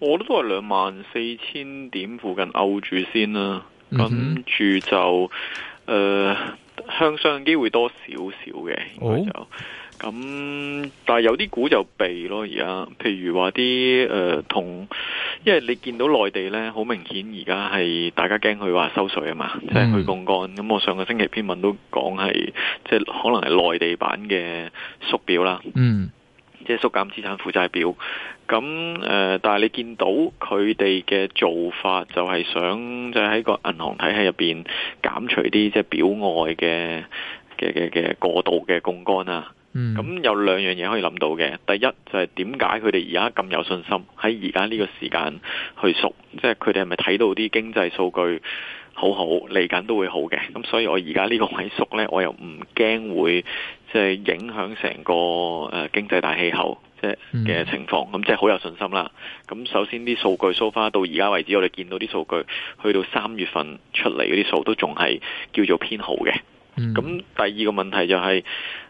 我覺得都都係兩萬四千點附近漚住先啦、啊，跟住、mm hmm. 就誒、呃、向上機會多少少嘅，就咁、oh. 嗯、但係有啲股就避咯而家，譬如話啲誒同，因為你見到內地呢，好明顯而家係大家驚佢話收水啊嘛，即係、mm hmm. 去槓桿。咁我上個星期篇文都講係，即係可能係內地版嘅縮表啦。嗯、mm。Hmm. 即係縮減資產負債表，咁誒、呃，但係你見到佢哋嘅做法就係想，就喺個銀行體系入邊減除啲即係表外嘅嘅嘅嘅過度嘅槓桿啦。咁、嗯、有兩樣嘢可以諗到嘅，第一就係點解佢哋而家咁有信心喺而家呢個時間去縮，即係佢哋係咪睇到啲經濟數據？好好，嚟緊都會好嘅，咁所以我而家呢個位縮呢，我又唔驚會響即係影響成個誒經濟大氣候即係嘅情況，咁即係好有信心啦。咁首先啲數據 show 返到而家為止，我哋見到啲數據去到三月份出嚟嗰啲數都仲係叫做偏好嘅。咁第二個問題就係，是。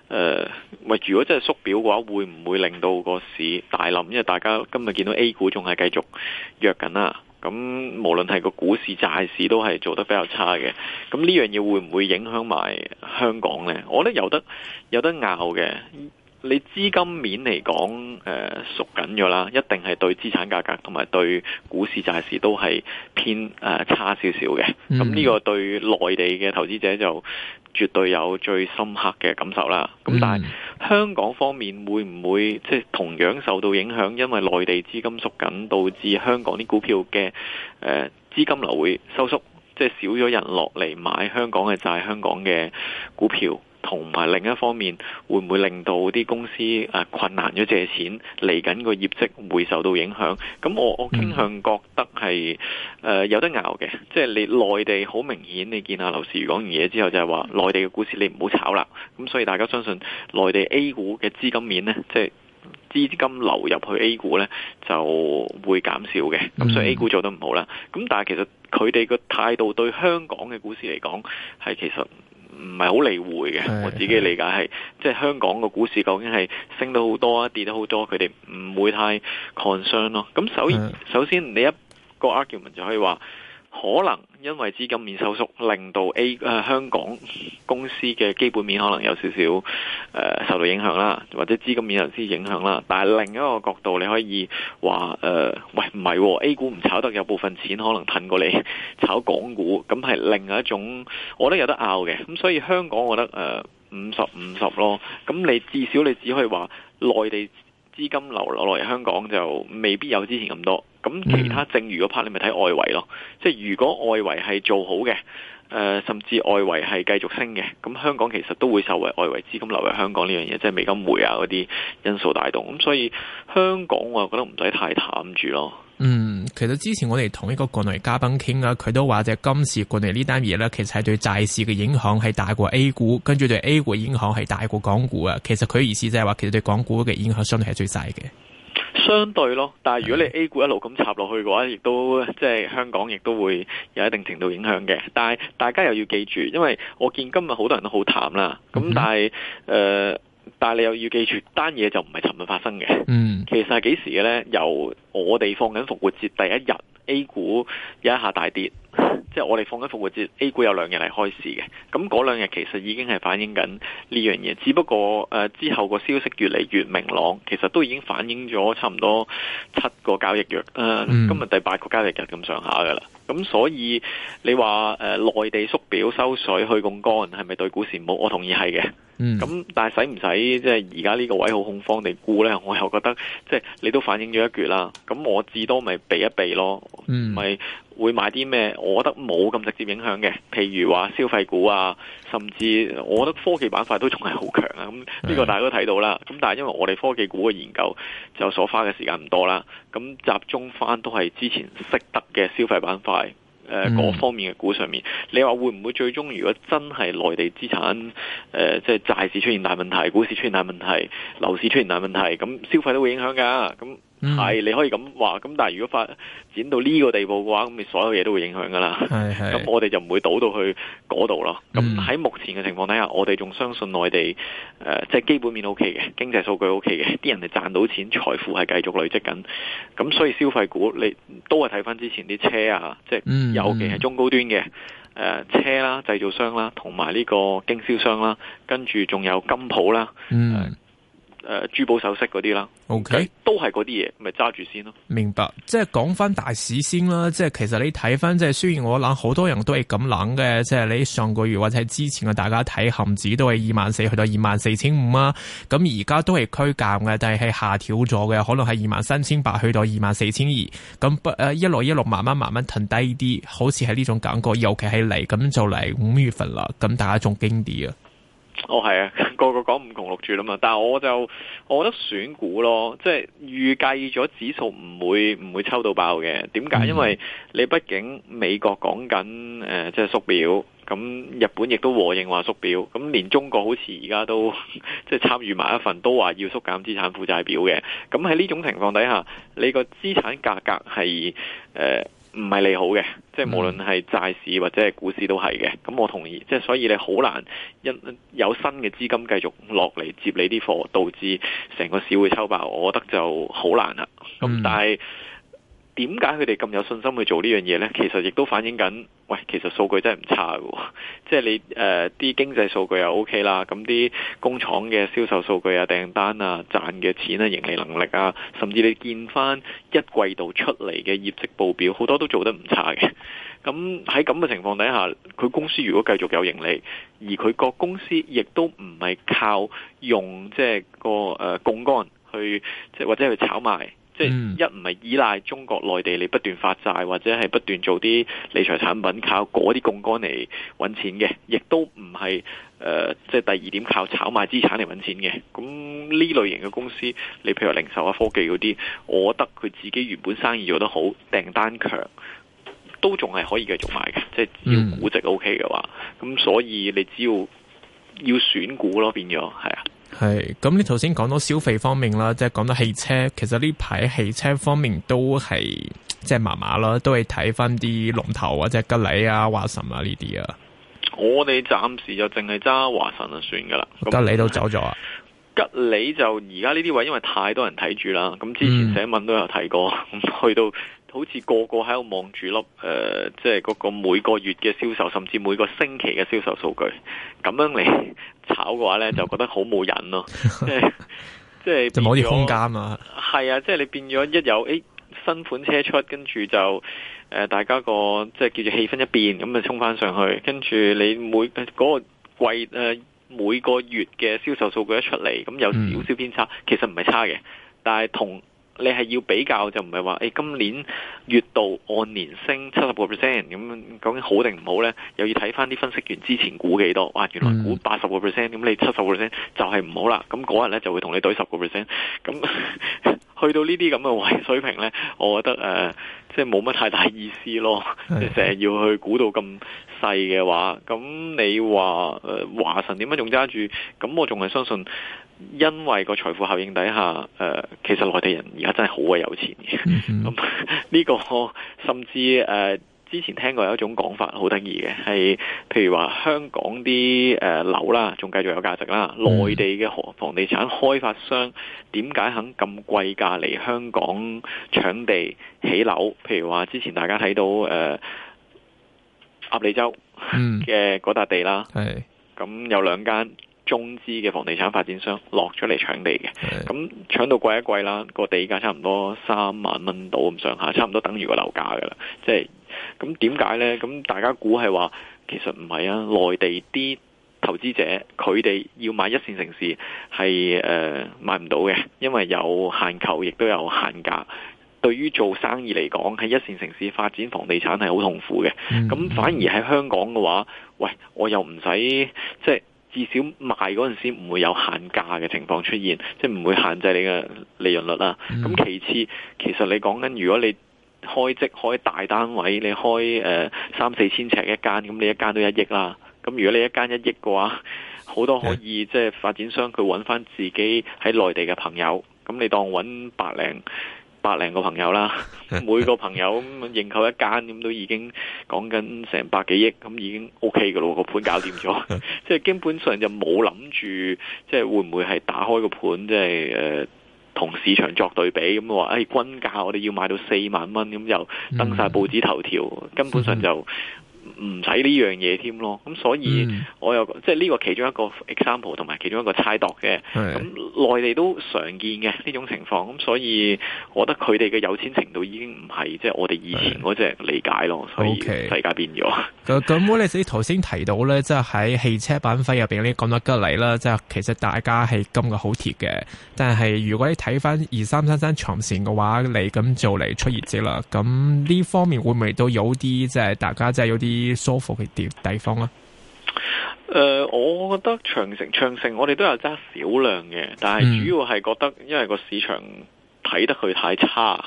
誒，咪、呃、如果真係縮表嘅話，會唔會令到個市大冧？因為大家今日見到 A 股仲係繼續弱緊啦。咁無論係個股市、債市都係做得比較差嘅。咁呢樣嘢會唔會影響埋香港呢？我覺得有得有得拗嘅。你資金面嚟講，誒、呃，縮緊咗啦，一定係對資產價格同埋對股市、債市都係偏誒、呃、差少少嘅。咁呢、嗯、個對內地嘅投資者就。絕對有最深刻嘅感受啦。咁但係、嗯、香港方面會唔會即係同樣受到影響？因為內地資金縮緊，導致香港啲股票嘅誒、呃、資金流會收縮，即係少咗人落嚟買香港嘅債、香港嘅股票。同埋另一方面，會唔會令到啲公司誒困難咗借錢？嚟緊個業績會受到影響？咁我我傾向覺得係誒、呃、有得拗嘅，即係你內地好明顯，你見阿劉士餘講完嘢之後就係話內地嘅股市你唔好炒啦。咁所以大家相信內地 A 股嘅資金面咧，即係資金流入去 A 股咧就會減少嘅。咁所以 A 股做得唔好啦。咁但係其實佢哋個態度對香港嘅股市嚟講，係其實。唔係好理會嘅，是我自己理解係，即係香港個股市究竟係升到好多啊，跌得好多，佢哋唔會太 concern 咯。咁首首先，是首先你一個 argument 就可以話。可能因為資金面收縮令到 A 誒、呃、香港公司嘅基本面可能有少少誒、呃、受到影響啦，或者資金面有啲影響啦。但係另一個角度，你可以話誒、呃、喂唔係、哦、A 股唔炒得，有部分錢可能騰過嚟炒港股，咁係另外一種我覺得有得拗嘅。咁所以香港，我覺得誒五十五十咯。咁你至少你只可以話內地。資金流落嚟香港就未必有之前咁多，咁其他剩餘嗰 part 你咪睇外圍咯。即係如果外圍係做好嘅，誒、呃、甚至外圍係繼續升嘅，咁香港其實都會受惠外圍資金流入香港呢樣嘢，即係美金匯啊嗰啲因素帶動。咁所以香港我覺得唔使太淡住咯。嗯。其實之前我哋同一個國內嘉賓傾啊，佢都話，即係今次國內呢單嘢咧，其實係對債市嘅影響係大過 A 股，跟住對 A 股影響係大過港股啊。其實佢意思就係話，其實對港股嘅影響相對係最細嘅。相對咯，但係如果你 A 股一路咁插落去嘅話，亦都即係香港亦都會有一定程度影響嘅。但係大家又要記住，因為我見今日好多人都好淡啦，咁但係誒。呃但係你又要記住，單嘢就唔係尋日發生嘅。嗯，其實係幾時嘅咧？由我哋放緊復活節第一日，A 股有一下大跌。即係我哋放緊復活節，A 股有兩日嚟開市嘅。咁嗰兩日其實已經係反映緊呢樣嘢。只不過誒、呃、之後個消息越嚟越明朗，其實都已經反映咗差唔多七個交易日啦。呃嗯、今日第八個交易日咁上下噶啦。咁所以你話誒內地縮表收水去槓桿，係咪對股市唔好？我同意係嘅。嗯，咁但係使唔使即係而家呢個位好恐慌地沽呢？我又覺得即係你都反映咗一橛啦。咁我至多咪避一避咯，咪、嗯、會買啲咩？我覺得冇咁直接影響嘅，譬如話消費股啊，甚至我覺得科技板塊都仲係好強啊。咁呢個大家都睇到啦。咁、嗯、但係因為我哋科技股嘅研究就所花嘅時間唔多啦，咁集中翻都係之前識得嘅消費板塊。誒嗰方面嘅股上面，你話會唔會最終如果真係內地資產誒，即係債市出現大問題，股市出現大問題，樓市出現大問題，咁消費都會影響㗎，咁。係、嗯，你可以咁話，咁但係如果發展到呢個地步嘅話，咁你所有嘢都會影響噶啦。係係是，咁我哋就唔會倒到去嗰度咯。咁喺、嗯、目前嘅情況底下，我哋仲相信內地誒、呃，即係基本面 OK 嘅，經濟數據 OK 嘅，啲人係賺到錢，財富係繼續累積緊。咁所以消費股你都係睇翻之前啲車啊，即係尤其係中高端嘅誒、嗯呃、車啦，製造商啦，同埋呢個經銷商啦，跟住仲有金鋪啦。呃、嗯。誒，珠寶首飾嗰啲啦，OK，都係嗰啲嘢，咪揸住先咯。明白，即係講翻大市先啦，即係其實你睇翻，即係雖然我諗好多人都係咁諗嘅，即係你上個月或者之前啊，大家睇恒指都係二萬四去到二萬四千五啊，咁而家都係區間嘅，但係係下調咗嘅，可能係二萬三千八去到二萬四千二，咁不誒一路一路，慢慢慢慢停低啲，好似係呢種感覺，尤其係嚟咁就嚟五月份啦，咁大家仲驚啲。啊！哦，係啊，個個講五窮六絕啦嘛，但係我就，我覺得選股咯，即係預計咗指數唔會唔會抽到爆嘅。點解？嗯、因為你畢竟美國講緊誒，即、呃、係、係、縮表，咁日本亦都和應話縮表，咁連中國好似而家都即係參與埋一份，都話要縮減資產負債表嘅。咁喺呢種情況底下，你個資產價格係誒。呃唔係利好嘅，即係無論係債市或者係股市都係嘅。咁我同意，即係所以你好難一有新嘅資金繼續落嚟接你啲貨，導致成個市會抽爆。我覺得就好難啦。咁、嗯、但係。點解佢哋咁有信心去做呢樣嘢呢？其實亦都反映緊，喂，其實數據真係唔差嘅、啊，即係你誒，啲、呃、經濟數據又 OK 啦，咁啲工廠嘅銷售數據啊、訂單啊、賺嘅錢啊、盈利能力啊，甚至你見翻一季度出嚟嘅業績報表，好多都做得唔差嘅。咁喺咁嘅情況底下，佢公司如果繼續有盈利，而佢個公司亦都唔係靠用即係個誒、呃、槓杆去即或者去炒賣。即係一唔係依賴中國內地，你不斷發債或者係不斷做啲理財產品，靠嗰啲槓桿嚟搵錢嘅，亦都唔係誒，即係第二點靠炒賣資產嚟搵錢嘅。咁呢類型嘅公司，你譬如零售啊、科技嗰啲，我覺得佢自己原本生意做得好，訂單強，都仲係可以繼續買嘅。即係只要估值 OK 嘅話，咁所以你只要要選股咯，變咗係啊。係，咁你頭先講到消費方面啦，即係講到汽車，其實呢排汽車方面都係即係麻麻啦，都係睇翻啲龍頭或者吉利啊、華晨啊呢啲啊。我哋暫時就淨係揸華晨就算噶啦，吉利都走咗啊。吉利就而家呢啲位因為太多人睇住啦，咁之前寫文都有提過，咁去到。 好似個個喺度望住粒誒，即係嗰個每個月嘅銷售，甚至每個星期嘅銷售數據，咁樣嚟炒嘅話呢， 就覺得好冇癮咯。即係就冇啲空間啊！係 啊，即係你變咗一有誒、欸、新款車出，跟住就誒、呃、大家個即係叫做氣氛一變，咁就衝翻上去。跟住你每嗰、嗰個季誒、呃、每個月嘅銷售數據一出嚟，咁有少少偏差，其實唔係差嘅，但係同。你係要比較就唔係話，誒、欸、今年月度按年升七十個 percent 咁究竟好定唔好呢？又要睇翻啲分析員之前估幾多，哇！原來估八十個 percent，咁你七十個 percent 就係、是、唔好啦。咁嗰日呢，就會同你對十個 percent。咁 去到呢啲咁嘅位水平呢，我覺得誒、呃、即係冇乜太大意思咯。即係成日要去估到咁細嘅話，咁你話誒、呃、華晨點解仲揸住？咁我仲係相信。因為個財富效應底下，誒、呃，其實內地人而家真係好鬼有錢，咁呢、嗯哼 呢個甚至誒、呃，之前聽過有一種講法，好得意嘅係，譬如話香港啲誒樓啦，仲、呃、繼續有價值啦。內地嘅房地產開發商點解、嗯、肯咁貴價嚟香港搶地起樓？譬如話之前大家睇到誒，鴨脷洲嘅嗰笪地啦，係咁、嗯嗯、有兩間。中資嘅房地產發展商落咗嚟搶地嘅，咁的、嗯、搶到貴一貴啦。個地價差唔多三萬蚊度咁上下，差唔多等於個樓價噶啦。即係咁點解呢？咁大家估係話其實唔係啊。內地啲投資者佢哋要買一線城市係誒、呃、買唔到嘅，因為有限購，亦都有限價。對於做生意嚟講，喺一線城市發展房地產係好痛苦嘅。咁、嗯、反而喺香港嘅話，喂，我又唔使即係。至少賣嗰陣時唔會有限價嘅情況出現，即係唔會限制你嘅利潤率啦。咁、mm hmm. 其次，其實你講緊如果你開即開大單位，你開誒三四千尺一間，咁你一間都一億啦。咁如果你一間一億嘅話，好多可以 Yeah. 即係發展商佢揾翻自己喺內地嘅朋友，咁你當揾百零。百零個朋友啦，每個朋友咁認、嗯、購一間咁都已經講緊成百幾億，咁已經 O K 嘅咯，個盤搞掂咗， 即係基本上就冇諗住，即係會唔會係打開個盤，即係誒、呃、同市場作對比咁話，誒、哎、均價我哋要買到四萬蚊，咁又登晒報紙頭條，嗯、根本上就～、嗯唔使呢樣嘢添咯，咁所以我又、嗯、即係呢個其中一個 example，同埋其中一個猜度嘅。咁內是地都常見嘅呢種情況，咁所以我覺得佢哋嘅有錢程度已經唔係即係我哋以前嗰隻理解咯，是所以世界變咗。咁我哋頭先提到咧，即係喺汽車板塊入邊啲講得吉利啦，即、就、係、是、其實大家係咁嘅好貼嘅。但係如果你睇翻二三三三長線嘅話，你咁做嚟出業績啦，咁呢方面會唔會都有啲即係大家即係有啲？啲舒服嘅地地方啦。誒、呃，我覺得長城，長城我哋都有揸少量嘅，但係主要係覺得因為個市場睇得佢太差，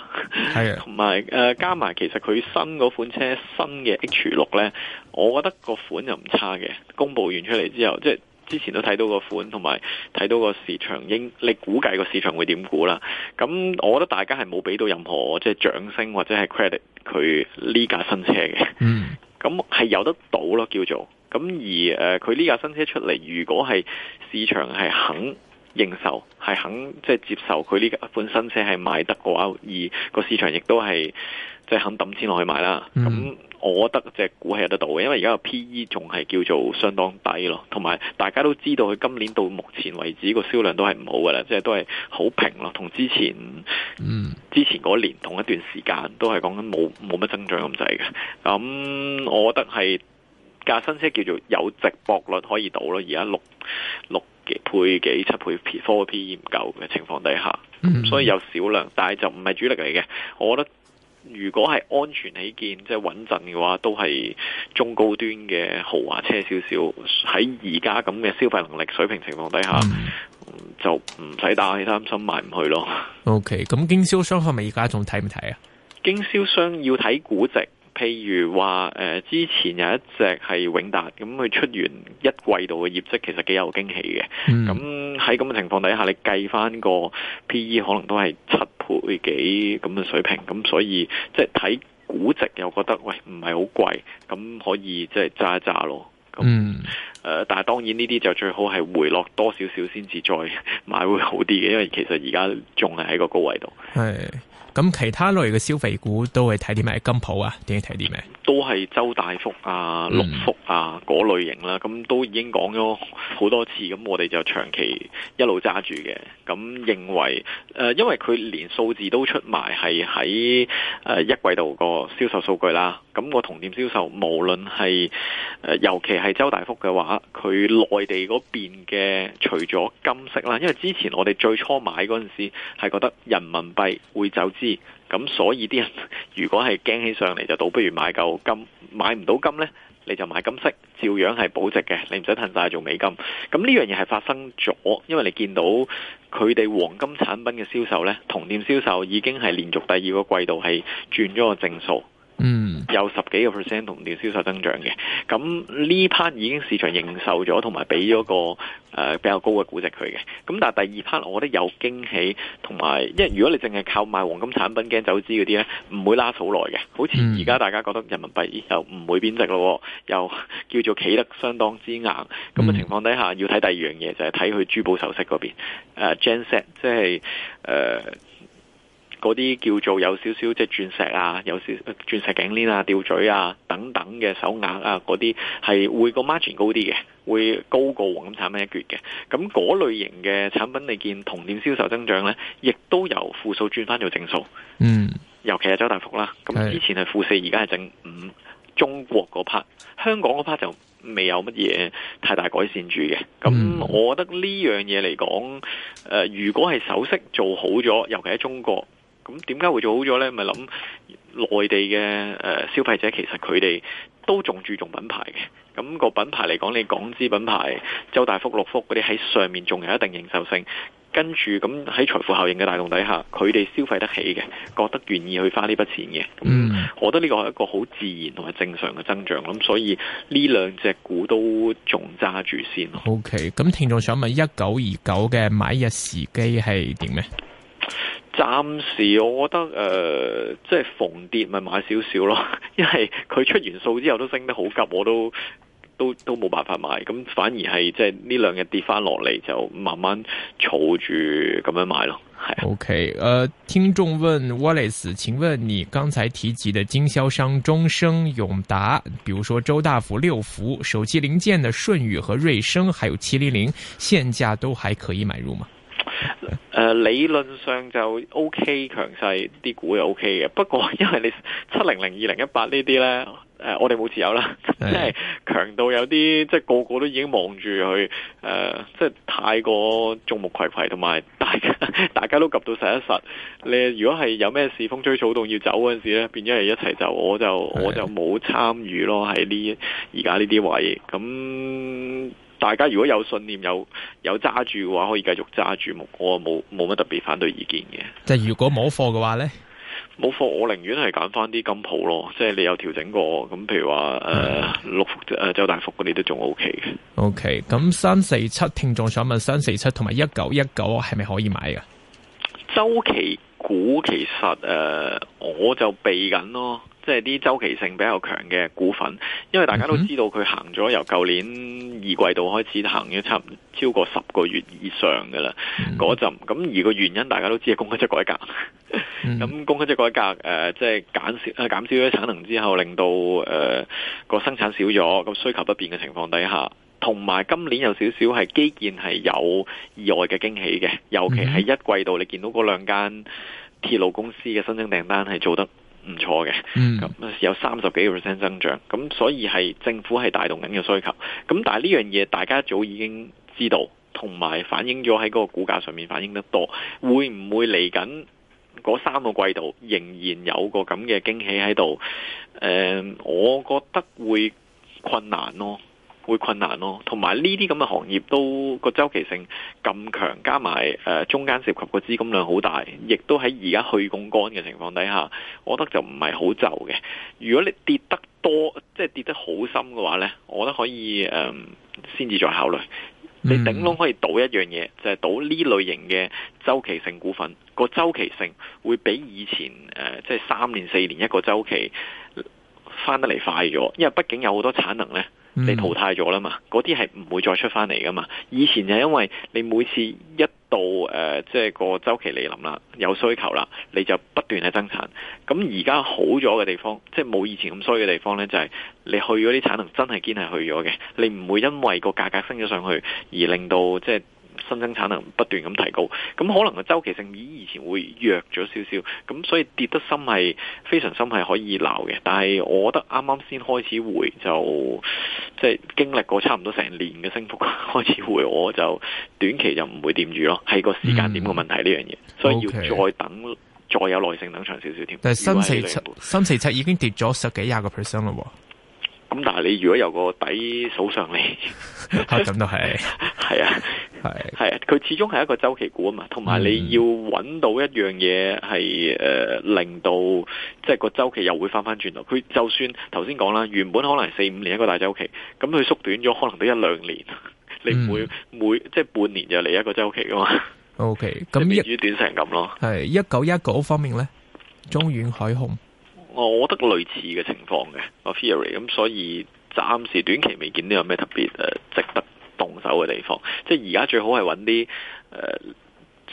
係啊、嗯，同埋誒加埋其實佢新嗰款車新嘅 H 六咧，我覺得個款又唔差嘅。公布完出嚟之後，即係之前都睇到個款，同埋睇到個市場應你估計個市場會點估啦。咁，我覺得大家係冇俾到任何即係掌聲或者係 credit 佢呢架新車嘅。嗯。咁係有得到咯，叫做咁，而誒，佢呢架新車出嚟，如果係市場係肯。認售係肯，即係接受佢呢一款新車係賣得過歐二個市場，亦都係即係肯抌錢落去買啦。咁、mm hmm. 我覺得隻股係有得到嘅，因為而家個 P E 仲係叫做相當低，咯同埋大家都知道佢今年到目前為止個銷量都係唔好嘅啦，即係都係好平咯，同之前嗯之前嗰年同一段時間都係講緊冇冇乜增長咁滯嘅。咁、嗯、我覺得係架新車叫做有值博率可以到咯，而家六六。幾倍、幾七倍 P、four P 唔夠嘅情況底下，所以有少量，但係就唔係主力嚟嘅。我覺得如果係安全起見，即係穩陣嘅話，都係中高端嘅豪華車少少。喺而家咁嘅消費能力水平情況底下，mm hmm. 就唔使打起擔心賣唔去咯。O K，咁經銷商係咪而家仲睇唔睇啊？經銷商要睇估值。譬如話誒、呃，之前有一隻係永達咁，佢出完一季度嘅業績，其實幾有驚喜嘅。咁喺咁嘅情況底下，你計翻個 PE 可能都係七倍幾咁嘅水平。咁所以即係睇估值又覺得喂唔係好貴，咁可以即係揸一揸咯。嗯。誒、呃，但係當然呢啲就最好係回落多少少先至再買會好啲嘅，因為其實而家仲係喺個高位度。係。咁其他類嘅消費股都係睇啲咩金鋪啊？定係睇啲咩？都係周大福啊、六福啊嗰、嗯、類型啦。咁都已經講咗好多次，咁我哋就長期一路揸住嘅。咁認為誒、呃，因為佢連數字都出埋，係喺誒一季度個銷售數據啦。咁個同店銷售，無論係誒、呃，尤其係周大福嘅話，佢內地嗰邊嘅除咗金飾啦，因為之前我哋最初買嗰陣時係覺得人民幣會走資，咁所以啲人如果係驚起上嚟就倒不如買嚿金，買唔到金呢，你就買金飾，照樣係保值嘅，你唔使褪曬做美金。咁呢樣嘢係發生咗，因為你見到佢哋黃金產品嘅銷售呢，同店銷售已經係連續第二個季度係轉咗個正數。嗯，有十幾個 percent 同店銷售增長嘅，咁呢 part 已經市場認受咗，同埋俾咗個誒、呃、比較高嘅估值佢嘅。咁但係第二 part，我覺得有驚喜，同埋因為如果你淨係靠賣黃金產品、驚走資嗰啲咧，唔會拉好耐嘅。好似而家大家覺得人民幣又唔會貶值咯，又叫做企得相當之硬。咁嘅、嗯、情況底下，要睇第二樣嘢就係睇佢珠寶首飾嗰邊誒 gemset 即係誒。呃嗰啲叫做有少少即係鑽石啊，有少鑽石頸鏈啊、吊嘴啊等等嘅手鐲啊，嗰啲係會個 margin 高啲嘅，會高過黃金產品一橛嘅。咁嗰類型嘅產品，你見同店銷售增長咧，亦都由負數轉翻做正數。嗯，尤其係周大福啦。咁之前係負四，而家係正五。中國嗰 part，香港嗰 part 就未有乜嘢太大改善住嘅。咁，嗯，我覺得呢樣嘢嚟講，誒，呃，如果係首飾做好咗，尤其喺中國。咁點解會做好咗呢？咪諗內地嘅誒消費者其實佢哋都仲注重品牌嘅。咁個品牌嚟講，你港資品牌、周大福、六福嗰啲喺上面仲有一定認受性。跟住咁喺財富效應嘅帶動底下，佢哋消費得起嘅，覺得願意去花呢筆錢嘅。嗯，我覺得呢個係一個好自然同埋正常嘅增長。咁所以呢兩隻股都仲揸住先。OK，咁聽眾想問一九二九嘅買入時機係點呢？暫時我覺得誒，呃，即係逢跌咪買少少咯，因為佢出完數之後都升得好急，我都都都冇辦法買，咁反而係即係呢兩日跌翻落嚟就慢慢儲住咁樣買咯。係啊，OK，誒 uh，聽眾問 Wallace，請問你剛才提及的經銷商中升、永達，比如說周大福、六福、手機零件的舜宇和瑞聲，還有七零零，現價都還可以買入嗎？呃、理論上就 O K，強勢啲股又 O K 嘅。不過因為你七零零二零一八呢啲呢，誒、呃，我哋冇持有啦的， 即係強到有啲，即係個個都已經望住佢，誒、呃，即係太過眾目睽睽，同埋大家大家都及到實一實。你如果係有咩事，風吹草動要走嗰陣時咧，變咗係一齊走，我就我就冇參與咯。喺呢而家呢啲位，咁。大家如果有信念，有有揸住嘅話，可以繼續揸住，我冇冇乜特別反對意見嘅。即係如果冇貨嘅話呢？冇貨我寧願係揀翻啲金舖咯。即係你有調整過，咁譬如話誒、呃嗯、六福誒、呃、周大福嗰啲都仲 O K 嘅。O K，咁三四七聽眾想問，三四七同埋一九一九係咪可以買嘅？周期。股其實誒、呃，我就避緊咯，即係啲周期性比較強嘅股份，因為大家都知道佢行咗由舊年二季度開始，行咗差唔多超過十個月以上噶啦，嗰陣，咁而個原因大家都知，係供給側改革，咁供給側改革誒、呃，即係減少誒減、呃、少咗產能之後，令到誒個、呃、生產少咗，咁需求不變嘅情況底下。同埋今年有少少係基建係有意外嘅驚喜嘅，尤其係一季度你見到嗰兩間鐵路公司嘅新增訂單係做得唔錯嘅，咁、嗯、有三十幾個 percent 增長，咁所以係政府係帶動緊嘅需求，咁但係呢樣嘢大家早已經知道，同埋反映咗喺嗰個股價上面反映得多，會唔會嚟緊嗰三個季度仍然有個咁嘅驚喜喺度？誒、呃，我覺得會困難咯。會困難咯、哦，同埋呢啲咁嘅行業都個周期性咁強，加埋誒、呃、中間涉及個資金量好大，亦都喺而家去槓桿嘅情況底下，我覺得就唔係好就嘅。如果你跌得多，即係跌得好深嘅話呢，我覺得可以誒、呃，先至再考慮。你頂籠可以倒一樣嘢，就係、是、倒呢類型嘅周期性股份，個周期性會比以前誒、呃，即係三年四年一個周期翻得嚟快咗，因為畢竟有好多產能呢。被淘汰咗啦嘛，嗰啲係唔會再出翻嚟噶嘛。以前就因為你每次一到誒即係個周期嚟臨啦，有需求啦，你就不斷係增產。咁而家好咗嘅地方，即係冇以前咁衰嘅地方咧，就係、是、你去嗰啲產能真係堅係去咗嘅，你唔會因為個價格升咗上去而令到即係，就是新增產能不斷咁提高，咁可能個周期性比以前會弱咗少少，咁所以跌得深係非常深係可以鬧嘅，但係我覺得啱啱先開始回就即係、就係、經歷過差唔多成年嘅升幅開始回，我就短期就唔會掂住咯，係個時間點嘅問題呢樣嘢。嗯、所以要再等，Okay. 再有耐性等長少少添。但係新四七新四七已經跌咗十幾廿個 percent 咯。咁但係你如果由個底數上嚟，咁都係，係啊，係，係啊，佢始終係一個周期股啊嘛，同埋你要揾到一樣嘢係誒令到即係個周期又會翻翻轉頭。佢就算頭先講啦，原本可能係四五年一個大周期，咁佢縮短咗可能都一兩年，你每每即係半年就嚟一個周期噶嘛。O K. 咁變短成咁咯。係一九一九方面咧，中遠海控。我覺得類似嘅情況嘅，個 theory 咁，所以暫時短期未見到有咩特別值得動手嘅地方。即係而家最好係揾啲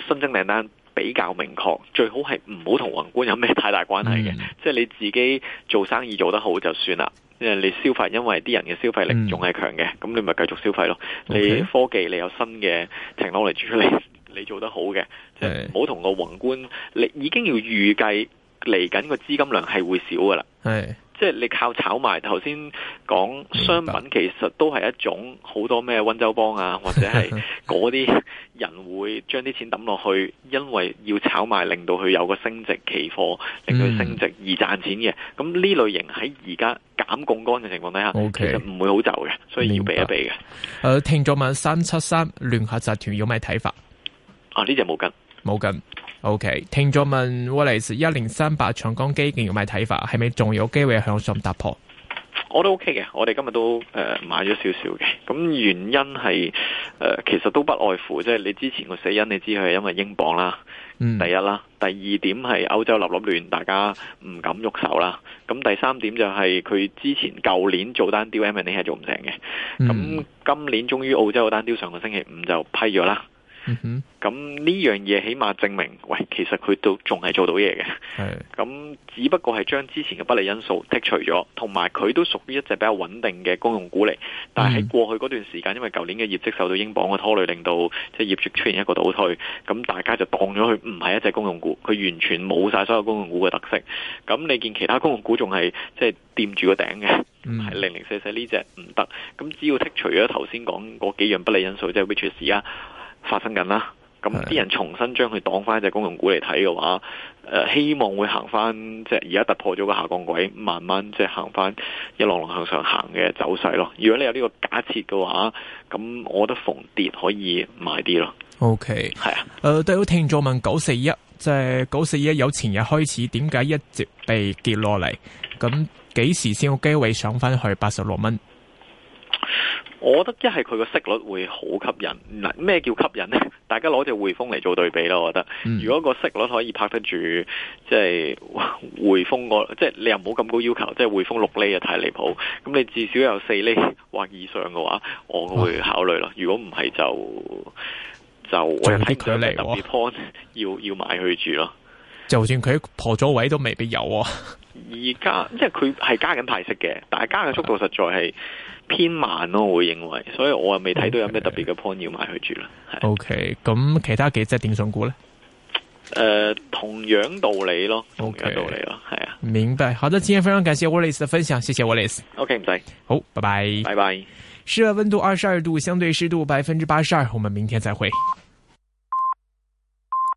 新增訂單比較明確，最好係唔好同宏觀有咩太大關係嘅。嗯、即係你自己做生意做得好就算啦，因為你消費，因為啲人嘅消費力仲係強嘅，咁、嗯、你咪繼續消費咯。okay? 你科技你有新嘅情況嚟處理，你做得好嘅，即係唔好同個宏觀，你已經要預計。嚟緊個資金量係會少噶啦，係是即係你靠炒賣，頭先講商品其實都係一種好多咩温州幫啊，或者係嗰啲人會將啲錢抌落去，因為要炒賣令到佢有個升值期貨，令佢升值而賺錢嘅。咁呢、嗯、類型喺而家減槓杆嘅情況底下，okay, 其實唔會好走嘅，所以要避一避嘅。誒，聽、呃、咗問三七三聯合集團有咩睇法？啊，呢隻冇跟，冇跟。O K，聽咗問 Wallace 一零三八長江基建有咩睇法，係咪仲有機會向上突破？我都 O K 嘅，我哋今日都誒、呃、買咗少少嘅。咁原因係誒、呃，其實都不外乎即係、就是、你之前個死因，你知佢係因為英鎊啦，第一啦，嗯、第二點係歐洲立立亂，大家唔敢喐手啦。咁第三點就係佢之前舊年做單雕 M&A 係做唔成嘅，咁今年終於澳洲嘅單雕上個星期五就批咗啦。咁呢、嗯、樣嘢起碼證明，喂，其實佢都仲係做到嘢嘅。係咁的，只不過係將之前嘅不利因素剔除咗，同埋佢都屬於一隻比較穩定嘅公用股嚟。但係喺過去嗰段時間，因為舊年嘅業績受到英鎊嘅拖累，令到即係業績出現一個倒退。咁大家就當咗佢唔係一隻公用股，佢完全冇晒所有公用股嘅特色。咁你見其他公用股仲係即係掂住個頂嘅，係、嗯、零零四四呢隻唔得。咁只要剔除咗頭先講嗰幾樣不利因素，即係 which is 啊。發生緊啦，咁啲人重新將佢當翻一隻公用股嚟睇嘅話，誒、呃、希望會行翻，即係而家突破咗個下降軌，慢慢即係行翻一浪浪向上行嘅走勢咯。如果你有呢個假設嘅話，咁我覺得逢跌可以買啲咯。OK，係啊。誒、呃，都有聽眾問九四一，即係九四一有前日開始點解一直被跌落嚟？咁幾時先有機會上翻去八十六蚊？我覺得一係佢個息率會好吸引。嗱，咩叫吸引咧？大家攞隻匯豐嚟做對比咯。我覺得如果個息率可以拍得住，即係匯豐，即係你又唔好咁高要求，即係匯豐六厘又太離譜，咁你至少有四厘或以上嘅話，我會考慮咯。如果唔係就就，哇就，就有啲距離，啊，特別 point 要要買去住咯。就算佢破咗位都未必有啊！而家即係佢係加緊派息嘅，但係加嘅速度實在係偏慢咯、啊，我會認為，所以我啊未睇到有咩特別嘅 point 要買去住啦。OK，咁是、okay, 嗯、其他幾隻電信股咧？誒、呃，同樣道理咯，okay, 同樣道理咯，係啊，明白。好的，今天非常感謝 Wallace 嘅分享，謝謝 Wallace。OK，唔使。好，拜拜，拜拜。室外温度二十二度，相對濕度百分之八十二。我們明天再會。